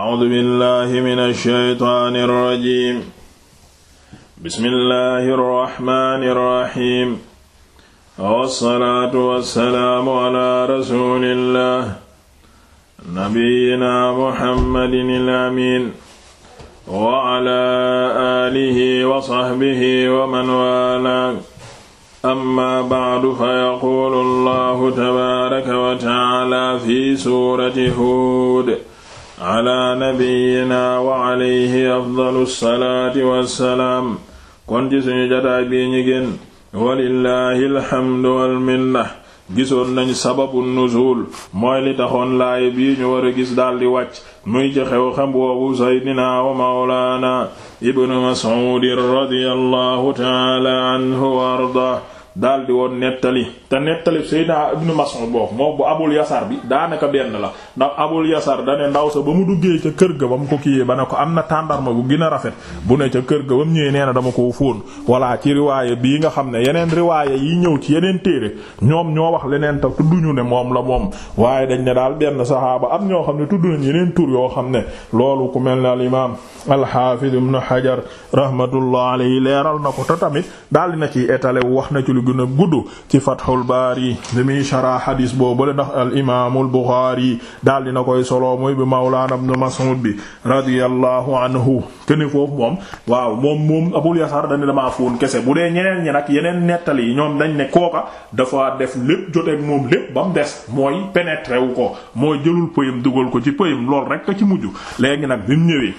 A'uuzu billaahi mina shaytaani rajiim. Bismillaahi rahmaani rahiim. Wassalaatu wassalaamu alaa rasuulillaah. Nabiyyinaa Muhammadinil amiin. Wa alaa aalihi wa sahbihi wa man waalaa. Amma ba'du fa yaquulu Allaahu tabaaraka wa ta'aalaa fi suurati Huud. ala nabiyyina wa alayhi afdalu salaati wassalaam kon ci suñu jataay bii ñi génn walillahi alhamdu wal minna gisoon nañ sababu nuzul mooy li taxoon laay bii ñu war a gis daldi wàcc muy ci xew xam boobu saydina wa mawlaana ibnu mas'uud radiyallahu taala anhu wa arda daal di woon nettali te nettali Seydina Ibnu Mas'ud boobu moom bu abul yasar bi daanaka benn la ndax abul yasar dane ndaw sa ba mu duggee ca kër ga ba mu ko kiyee ba ne ko am na tàndarma bu gën a rafet bu ne ca kër ga ba mu ñëwee nee dama koo fóon voilà ci riwaaya bii nga xam ne yeneen riwaaya yi ñëw ci yeneen téere ñoom ñoo wax leneen te tudduñu ne moom la moom waaye dañ ne daal benn saxaaba am ñoo xam ne tudd nañ yeneen tur yoo xam ne loolu ku mel ne al imaam al-Hafiz Ibnu Hajar rahmatullah alayhi leeral lu gën a gudd ci Fathul Baari li muy shara hadis boobu la ndax al imaamul Buxaari daal dina koy solo mooy bi Mawlaana Ibn Mas'ud bi radiyallahu anhu kene foofu moom waaw moom moom Abul Yasar dañ damaa fóon kese bu dee ñeneen ñi nag yeneen nettali yi ñoom dañ ne kooka dafa def lépp joteeg moom lépp ba mu des mooy pénétrer wu ko mooy jëlul pëyam dugal ko ci pëyam lool rek ka ci mujj léegi nag bi mu ñëwee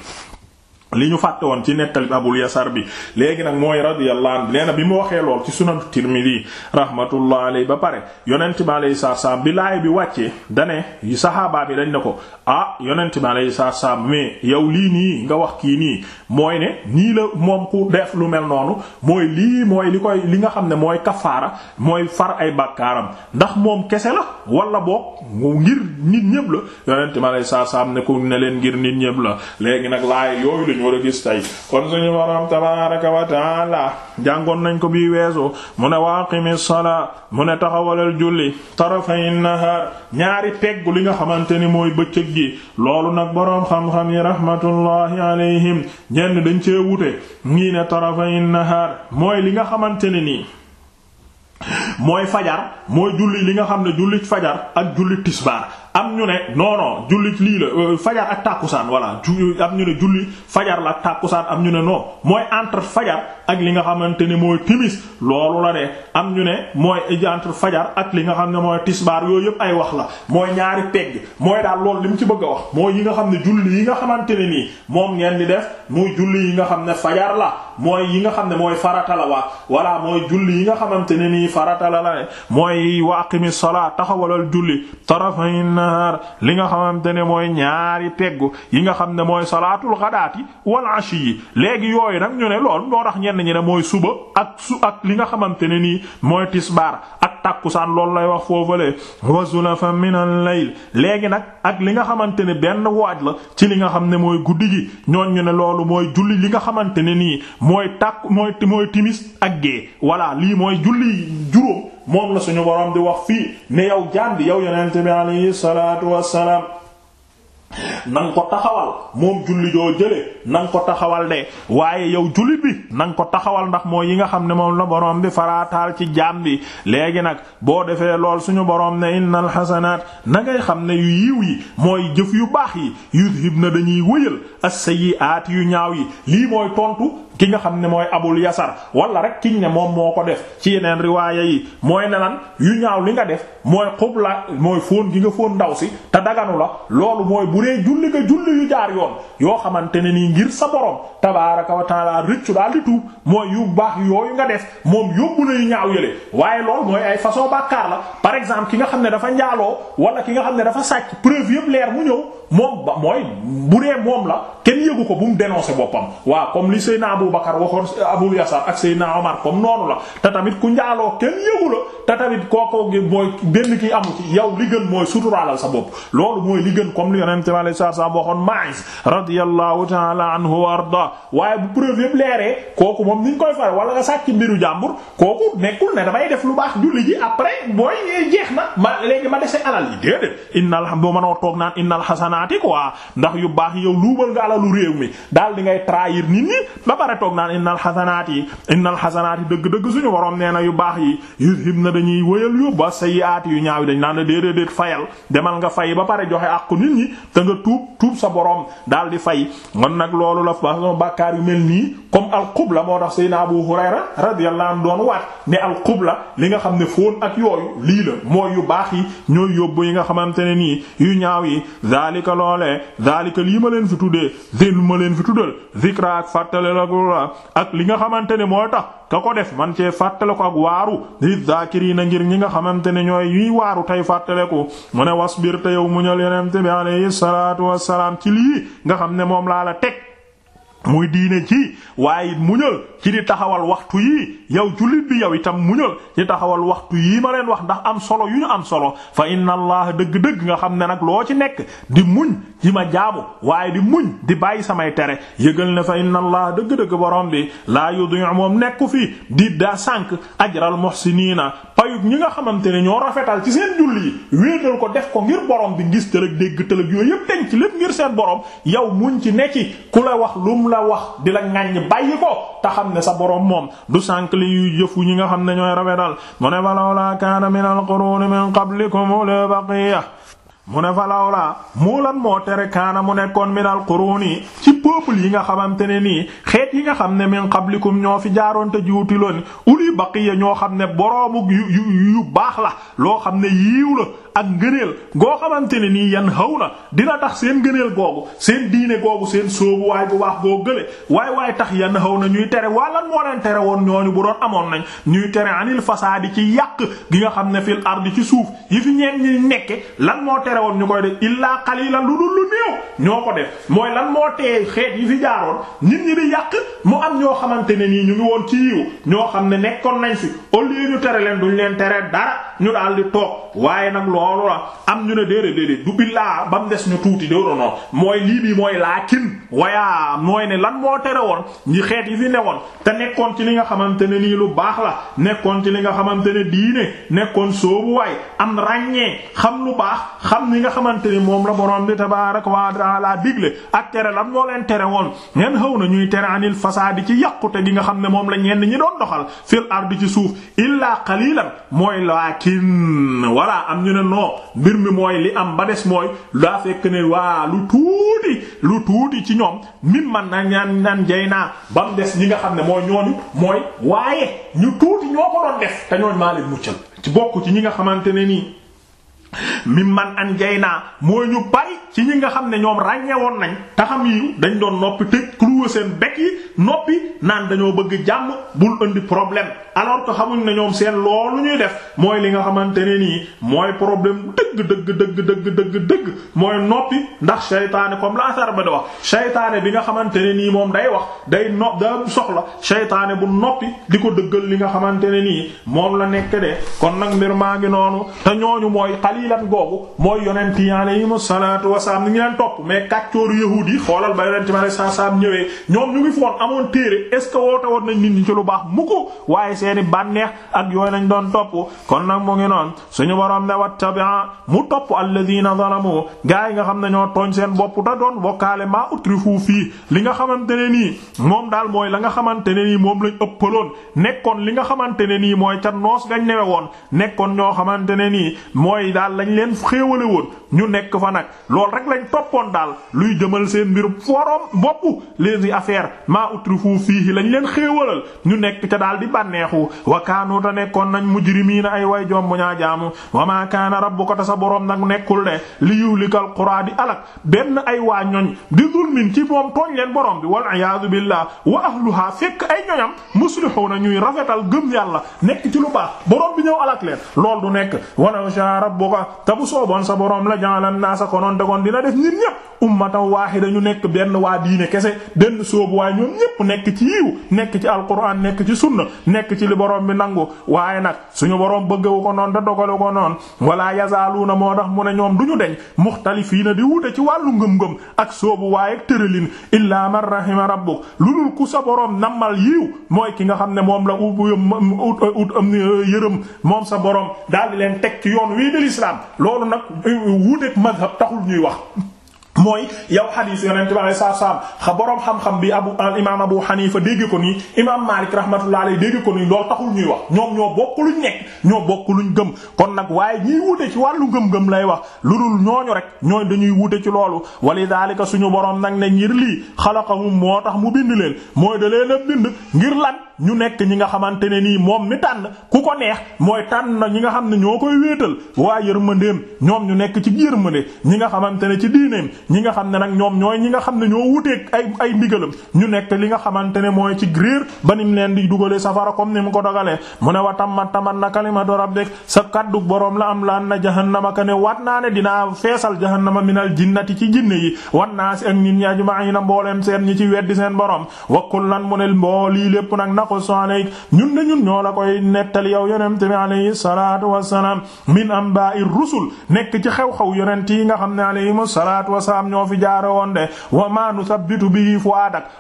li ñu fàtte woon ci nettali abul yasar bi léegi nag mooy radiyallahu anhu nee na bi mu waxee lool ci sunan tirmidi rahmatullah alay ba pare yonent bi alayhi salaam bi laay bi wàccee dane saxaabaa bi dañ ne ko ah yonent bi saa salaam mais yow lii nii nga wax kii nii mooy ne la moom ku def lu mel noonu mooy lii mooy li koy li nga xam ne mooy kafaara mooy far ay bàkkaaram ndax moom kese la wala boog ngir nit ñëpp la yonent bi alayhi salaam ne ko ne leen ngir nit ñëpp la léegi nag laay yooyu lañ war a kon suñu borom tabaaraka wa taala jàngoon nañ ko bii weesu mu ne waaqimi salaa mu ne taxawalal julli tarafay nahaar ñaari peggu li nga xamante ni mooy bëccëg gi loolu nag boroom xam-xam yi rahmatullahi alayhim ñenn dañ cee wute ñii ne tarafay nahaar mooy li nga xamante ne nii mooy fajar mooy julli li nga xam ne julli fajar ak julli tisbaar am ñu ne non non julli lii la euh, fajar ak tàkkusaan voilà am ñu ne julli fajar la ak tàkkusaan am ñu ne non mooy entre fajar ak li nga xamante ne mooy timis loolu am ñu ne mooy entre fajar ak li nga xam ne mooy tisbaar yooyu yëpp ay wax la mooy ñaari pegg mooy daal loolu li mu ci bëgg a wax mooy yi nga xam ne julli yi nga xamante ne nii moom ngeen di def muy julli yi nga xam ne fajar la mooy yi nga xam ne mooy farata la waa voilà mooy julli yi nga xamante ne nii farata la la mooy wa aqimi salaa taxawalal julli nahaar li nga xamante ne mooy ñaari teggu yi nga xam ne mooy salaatul xadaati wal ashi yi léegi yooyu nag ñu ne lool moo tax ñenn ñi ne mooy suba ak su ak li nga xamante ne nii mooy tisbaar ak tàkkusaan loolu lay wax foofale wa zulafa min al layl léegi nag ak li nga xamante ne benn waaj la ci li nga xam ne mooy guddi gi ñoon ne loolu mooy julli li nga xamante ne nii mooy tàkk mooy mooy timis ak gée voilà lii mooy julli juróom moom la suñu borom di wax fii ne yow jaam bi yow yonent bi alayhi salaatu wassalaam na ko taxawal moom julli joo jële na ko taxawal de waaye yow julli bi na ko taxawal ndax moo yi nga xam ne moom la boroom bi farataal ci jaam bi léegi nag boo defee lool suñu boroom ne innal xasanaat na ngay xam ne yu yiw yi mooy jëf yu baax yi yudhib na dañuy wëyal as-sayyi'aat yu ñaaw yi lii mooy tontu ki nga xam ne mooy abul yasar wala rek kiñ ne moom moo ko def ci yeneen riwaaya yi mooy ne lan yu ñaaw li nga def mooy la mooy fóon gi nga fóon ndaw si te daganu la loolu mooy bu dee julli nga julli yu jaar yoon yoo xamante ne nii ngir sa borom tabaaraka wa taala rëccu daal di tuub mooy yu baax yooyu nga def moom yóbbu na yu ñaaw yële waaye loolu mooy ay façon bàkkaar la par exemple ki nga xam ne dafa njaaloo wala ki nga xam ne dafa sàcc preuve leer mu ñëw moom ba mooy bu dee moom la kenn ko bu mu dénoncer boppam Abu Bakar waxoon Abu Yasar ak Seydina Omar comme noonu la te tamit ku njaaloo kenn yëgu la te tamit kookoo gi mooy benn ki amu ci yow li gën mooy suturaalal sa bopp loolu mooy li gën comme li yonente mi alei satu salaam waxoon Maïs radiyallahu wa arda waaye bu preuve yëpp leeree kooku moom sàcc mbiru jàmbur kooku nekkul ne damay def lu baax julli ji après mooy jeex na ma léegi ma dese alal yi déedéet innal boo mën a toog naan innal ndax yu baax yow alalu réew mi daal di ngay trahir nit ñi pare toog naan innal xasanaat yi innal xasanaat yi dëgg-dëgg suñu waroom nee na yu baax yi yuzhib na dañuy wëyal yóbba sayyiaat yu ñaaw yi dañ la déedéet déet demal nga fay ba pare joxe àqu nga tuub tuub sa borom daal di fay man nag loolu la façon bàkkaar yu mel nii comme alqubla moo tax Seydina Abu Hurayra radiyallahu anhu doon waat ne alqubla li nga xam ne fóon ak yooyu lii la mooy yu baax yi ñooy yóbbu yi nga xamante ne nii yu ñaaw yi zalika loolee zalika lii ma leen fi tuddee zin ma leen fi tuddal zikra ak fàttale la ko ak li nga xamante ne moo tax ka ko def man cee fàttale ko ak waaru di na ngir ñi nga xamante ne ñooy yuy waaru tey fàttale ko mu ne wasbir te yow muñal yonent bi alayhi salaatu wassalaam ci lii nga xam ne moom laa la teg muy diine ci waaye muñal ci di taxawal waxtu yii yow jullit bi yow itam muñal ci taxawal waxtu yii ma leen wax ndax am solo yu ñu am solo fa inna allah dëgg-dëgg nga xam ne nag loo ci nekk di muñ yi ma jaamu waaye di muñ di bàyyi samay tere yëgal ne fa inna allah dëgg-dëgg borom bi laa yudi'u moom nekku fii di daa sànq ajral muhsiniina payug ñi nga xamante ne ñoo rafetal ci seen julli yi wéetal ko def ko ngir borom bi ngis tëlëg dégg tëlëg yooyu ngir seen borom la wax di la ŋàññ bàyyi ko te xam ne sa borom moom du sànq li yuy jëfu ñi nga xam ne ñooy rafetal mu ne falawla kaana min alquruni min qablikum ul baqiya mu ne falawla moo lan moo tere kaana mu nekkoon min alquruni ci peuple yi nga xamante ne nii xeet yi nga xam ne min qablikum ñoo fi jaaroon te juuti loon uli baqiya ñoo xam ne boroomu yu yu baax la loo xam ne yiiw la ak ngëneel goo xamante ne nii yan xaw na dina tax seen ngëneel googu seen diine googu seen sóobu waay bu baax goo gële waaye waaye tax yan xaw na ñuy tere lan moo leen tere woon ñooñu bu doon amoon nañ ñuy tere anil fasaadi ci yàq gi nga xam ne fil ardi ci suuf yi fi ñeen ñi nekke lan moo tere woon ñu koy def illaa qalilan lu dul lu néew ñoo ko def mooy lan moo tee xeet yi fi jaaroon nit ñi di yàq mu am ñoo xamante ne nii ñu ngi woon ci yiw ñoo xam ne nekkoon nañ fi au lieu ñu tere leen duñ leen tere dara ñu daal di toog waaye nag noonu la am ñu ne déedéet déedéet du billaa ba mu des ñu tuuti déedéet noonu mooy moo tere woon ñi xeet yi fi newoon te nekkoon ci li nga xamante ne nii lu baax nekkoon ci li nga xamante ne diine nekkoon soobuwaay am ràññee xam lu baax xam ni nga xamante ni moom la borom bi tabaarak wa ta'ala digle ak tere lan moo leen tere woon ngeen xaw na ñuy tere anil fasaadi ci yàqute gi nga xam ne moom la ñenn ñi doon doxal fil ardi ci suuf illaa qalilan mooy laakin wala am ñu ne non mbir mi mooy li am ba des mooy daa fekk ne waa lu tuuti lu tuuti ci ñoom mim man na ñaan ñaan jay naa ba mu des ñi nga xam ne mooy ñooñu mooy waaye ñu tuuti ñoo ko doon def te ñooñ maa muccal ci bokk ci ñi nga xamante nii mimman an jay naa mooy ñu bari ci ñi nga xam ne ñoom ràññewoon nañ taxam yi dañ doon noppi tëj clouer seen bec yi noppi naan dañoo bëgg jàmm bul indi problème alors que xamuñ ne ñoom seen loolu ñuy def mooy li nga xamante ne nii mooy problème dëgg dëgg dëgg dëgg dëgg mooy noppi ndax seytaane comme la asar ba wax seytaane bi nga xamante ne nii moom day wax day no da soxla seytaane bu noppi di ko dëggal li nga xamante ne nii moom la nekk de kon nag mbir maa ngi noonu te ñooñu mooy xali qalilan googu mooy yonent yi alayhimu salaatu ngi leen topp mais kàccooru yahuud xoolal ba yonent mi alayhi salaatu ñëwee ñoom ñu ngi foon amoon téere est woote woon nañ nit ñi ci lu baax mu ko waaye seeni bànneex ak yooyu lañ doon topp kon nag mu ngi noonu suñu borom ne wattabi'a mu topp alladhiina zalamu gaa yi nga xam ne ñoo tooñ seen bopp da doon bokkaale maa utrifu fii li nga xamante ne nii moom daal mooy la nga xamante ne nii li nga xamante ne nii mooy ca noos gañ newe woon nekkoon ñoo xamante daal lañ leen xéewale woon ñu nekk fa nag loolu rek lañ toppoon daal luy jëmal seen mbir forom boppu les affaires maa utrifu fiihi lañ leen xéewalal ñu nekk ca daal di bànneexu wa kaanu nekkoon nañ mujrimiina ay way jom bu ñaa jaamu wa maa kaana rabbuka ta sa boroom nag nekkul de li yuhlikal quraa di alak benn ay waa ñoñ di zulmin ci moom tooñ leen borom bi wal iyaadu billah wa ahluha fekk ay ñoñam muslihuuna ñuy rafetal gëm yàlla nekk ci lu baax borom bi ñëw alak leen lool du te bu sooboon sa borom la ja'ala an-naasa konoon te kon dina def nit ñépp ummatan waahida ñu nekk benn waa diine kese benn soobu waaye ñoom ñépp nekk ci yiw nekk ci alquran nekk ci sunna nekk ci li boroom bi nangu waaye nag suñu borom bëggewu ko noon da dogalu ko noon noonu wala na moo tax mu ne ñoom du ñu deñ muxtalifiina di wute ci wàllu ngëm-ngëm ak soobu waaye tëralin illaa man rahima rabbuk lu dul ku sa borom nammal yiw mooy ki nga xam ne moom la ut ut yërëm moom sa boroom daal di leen teg ci yoon wii de l'islam loolu nag wuuteeg mazhab taxul wax mooy yow xadiis yonent bi alayhi salaatu salaam xa boroom xam-xam bi abu imaam abu xanifa dégg ko nii imaam maalik rahmatullah dégg ko nii loolu taxul ñuy wax ñoom ñoo bokk luñ nekk ñoo bokk luñ gëm kon nag waaye ñiy wute ci wàllu gëm-gëm lay wax lu dul ñooñu rek ñooy dañuy wute ci loolu wali daalika suñu boroom nag ne ngir lii xalaqahum moo tax mu bind leen mooy da leen bind ngir lan ñu nekk ñi nga xamante ne nii moom mi tànn ku ko neex mooy tànn na ñi nga xam ne ñoo koy wéetal waa yërmandeem ñoom ñu nekk ci yërmande ñi nga xamante ne ci diineem ñi nga xam ne nag ñoom ñooy ñi nga xam ne ñoo wuteeg ay ay ndigalam ñu nekk li nga xamante ne mooy ci réer ba nim leen di dugalee safara comme ni mu ko dogalee mu ne wa tammat tammat na kalimatu rabbik sa kaddu boroom la am la an na jahannama ka ne wat naa ne dinaa feesal jahannama minal jinnati ci jinne yi wan naa si ak nit ñi ajma'ina mbooleem seen ñi ci weddi seen borom naqussu alayk ñun de ñun ñoo la koy nettali yow yonent bi alayhi salaatu wassalaam min amba'ir rusul nekk ci xew-xew yonent yi nga xam ne alayhimu salaatu wassalaam ñoo fi jaare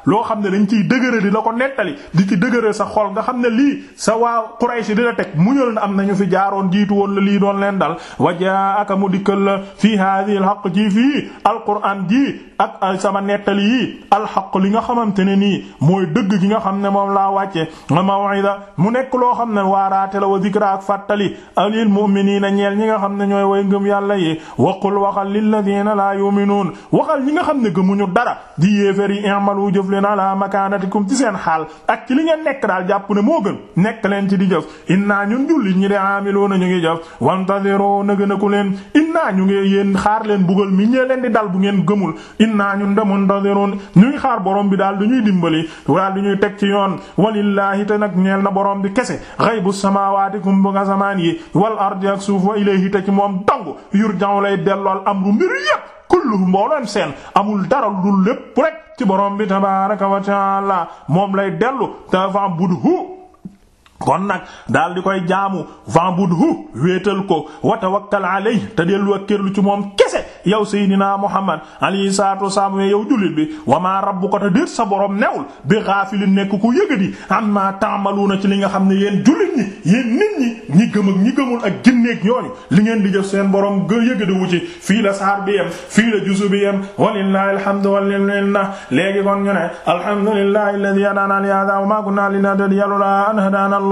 loo xam ne dañ ciy dëgëre di la ko nettali di ci dëgëre sa xol nga xam ne lii sa waa Quraysh di la teg muñal na am nañu fi jaaroon jiitu woon la lii doon leen dal wajaaka mu dikkal la fii haadihi alhaq ji fii alquran ji ak sama nettali yi alhaq li nga xamante ne nii mooy dëgg gi wàcce maw'ida mu nekk loo xam ne waaraate la wa zikra ak fàttali alil mu'minina ñeel ñi nga xam ne ñooy way ngëm yàlla yi waqul waxal lilladina la yu'minun waxal ñi nga xam ne gëmuñu dara di yéefér yi i'malu jëf leen ala makanatikum ci seen xaal ak ci li ngeen nekk daal jàpp ne moo gën nekk leen ci di jëf inna ñun jullit ñi de amiluna ñu ngi jëf wantaziro na gën a ku leen inna ñu ngi yéen xaar leen bugal mi ñee leen di dal bu ngeen gëmul inna ñun de muntaziroon ñuy xaar borom bi daal du ñuy dimbali walillahi te nag ñeel na borom bi kese ghaybu samaawaati kumbu nga samaan wal ardi ak suuf wa ilayhi te ci moom dong yurja'u lay dellool amru mbir yépp kulluhum mboolem seen amul dara lu lépp rek ci borom bi tabaaraka wa ta'aala moom lay dellu te fa am kon nag daal di koy jaamu fa'budhu wéetal ko wa tawakkal alay te del wakkirlu ci moom kese yow Seydina Muhammad alayhi salaatu wasalaam yow jullit bi wa maa rabbuka te déet sa borom newul bi gaafilin nekk ku yëgadi amma ta'maluna ci li nga xam ne yéen jullit ñi yéen nit ñi ñi gëm ak ñi gëmul ak ginneeg ñooñu li ngeen di jëf seen borom gë yëgadi wu fii la saar bi yem fii la juzu bi yem walillahi alhamdu walillahi léegi kon ñu ne alhamdulillahi alladhi hadaana li hadha wa ma kunna linahtadiya lawla